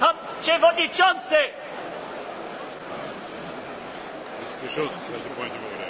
Pan przewodniczący! Jest tu szok, że się pani mówi.